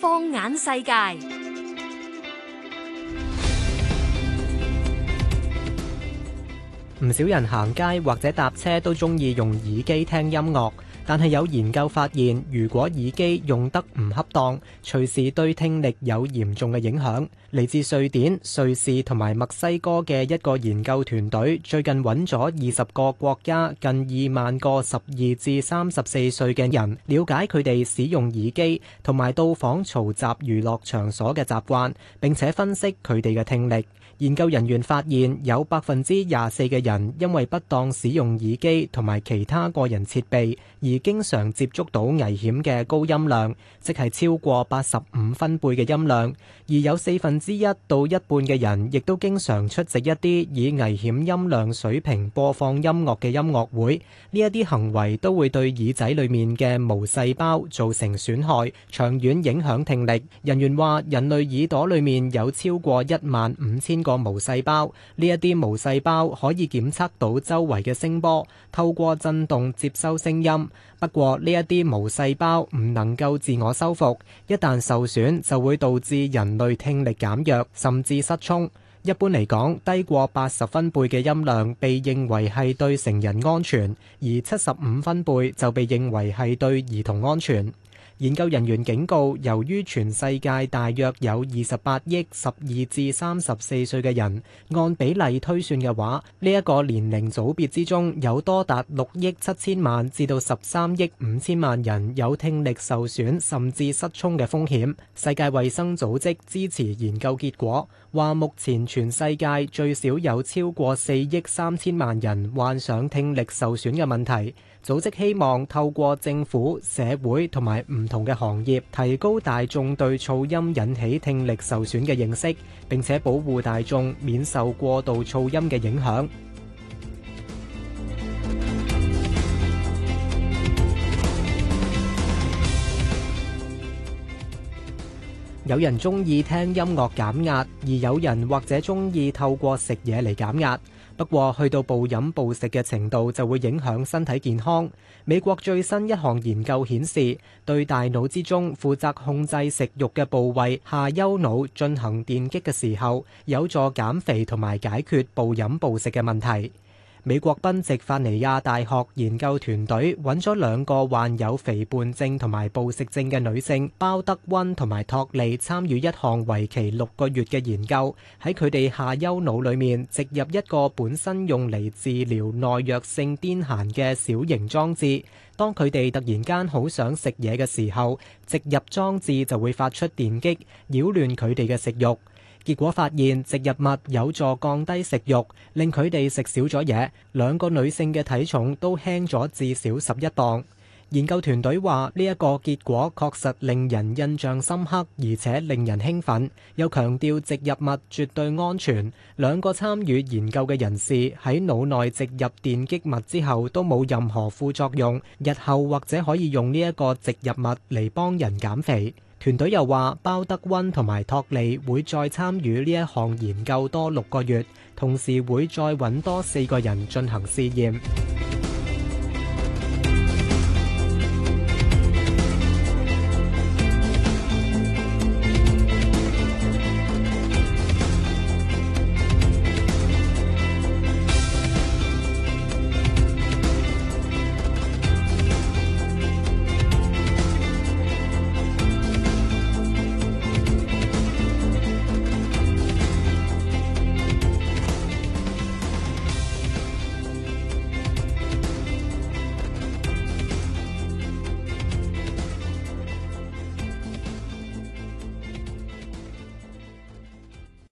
放眼世界，唔 少人行街或者搭車都中意用耳機聽音樂。但係有研究發現，如果耳機用得唔恰當，隨時對聽力有嚴重嘅影響。嚟自瑞典、瑞士同埋墨西哥嘅一個研究團隊，最近揾咗二十個國家近二萬個十二至三十四歲嘅人，了解佢哋使用耳機同埋到訪嘈雜娛樂場所嘅習慣，並且分析佢哋嘅聽力。研究人員發現，有百分之廿四嘅人因為不當使用耳機同埋其他個人設備，而經常接觸到危險的高音量，即係超過八十五分貝的音量。而有四分之一到一半的人亦都經常出席一啲以危險音量水平播放音樂的音樂會，呢一啲行為都會對耳仔裏面的毛細胞造成損害，長遠影響聽力。人員話，人類耳朵裏面有超過一萬五千個個毛細胞呢一啲毛細胞可以檢測到周圍嘅聲波，透過震動接收聲音。不過呢一啲毛細胞唔能夠自我修復，一旦受損就會導致人類聽力減弱，甚至失聰。一般嚟講，低過八十分貝嘅音量被認為係對成人安全，而七十五分貝就被認為係對兒童安全。研究人員警告，由於全世界大約有二十八億十二至三十四歲嘅人，按比例推算嘅話，呢一個年齡組別之中有多達六億七千萬至到十三億五千萬人有聽力受損甚至失聰嘅風險。世界衛生組織支持研究結果，話目前全世界最少有超過四億三千萬人患上聽力受損嘅問題。組織希望透過政府、社會同埋唔同嘅行業提高大眾對噪音引起聽力受損嘅認識，並且保護大眾免受過度噪音嘅影響。 有人鍾意聽音樂減壓，而有人或者鍾意透過食嘢嚟減壓。不過，去到暴飲暴食嘅程度就會影響身體健康。美國最新一項研究顯示，對大腦之中負責控制食慾嘅部位下丘腦進行電擊嘅時候，有助減肥同埋解決暴飲暴食嘅問題。美國賓夕法尼亞大學研究團隊揾咗兩個患有肥胖症同埋暴食症嘅女性，鮑德溫同埋托尼參與一項為期六個月嘅研究，喺佢哋下丘腦裏面植入一個本身用嚟治療耐藥性癲癇嘅小型裝置。當佢哋突然間好想食嘢嘅時候，植入裝置就會發出電擊，擾亂佢哋嘅食欲。結果發現，植入物有助降低食慾，令佢哋食少咗嘢。兩個女性嘅體重都輕咗至少十一磅。研究團隊話：呢一個結果確實令人印象深刻，而且令人興奮。又強調植入物絕對安全。兩個參與研究嘅人士喺腦內植入電擊物之後都冇任何副作用。日後或者可以用呢一個植入物嚟幫人減肥。團隊又話：包德溫同埋托利會再參與呢一項研究多六個月，同時會再揾多四個人進行試驗。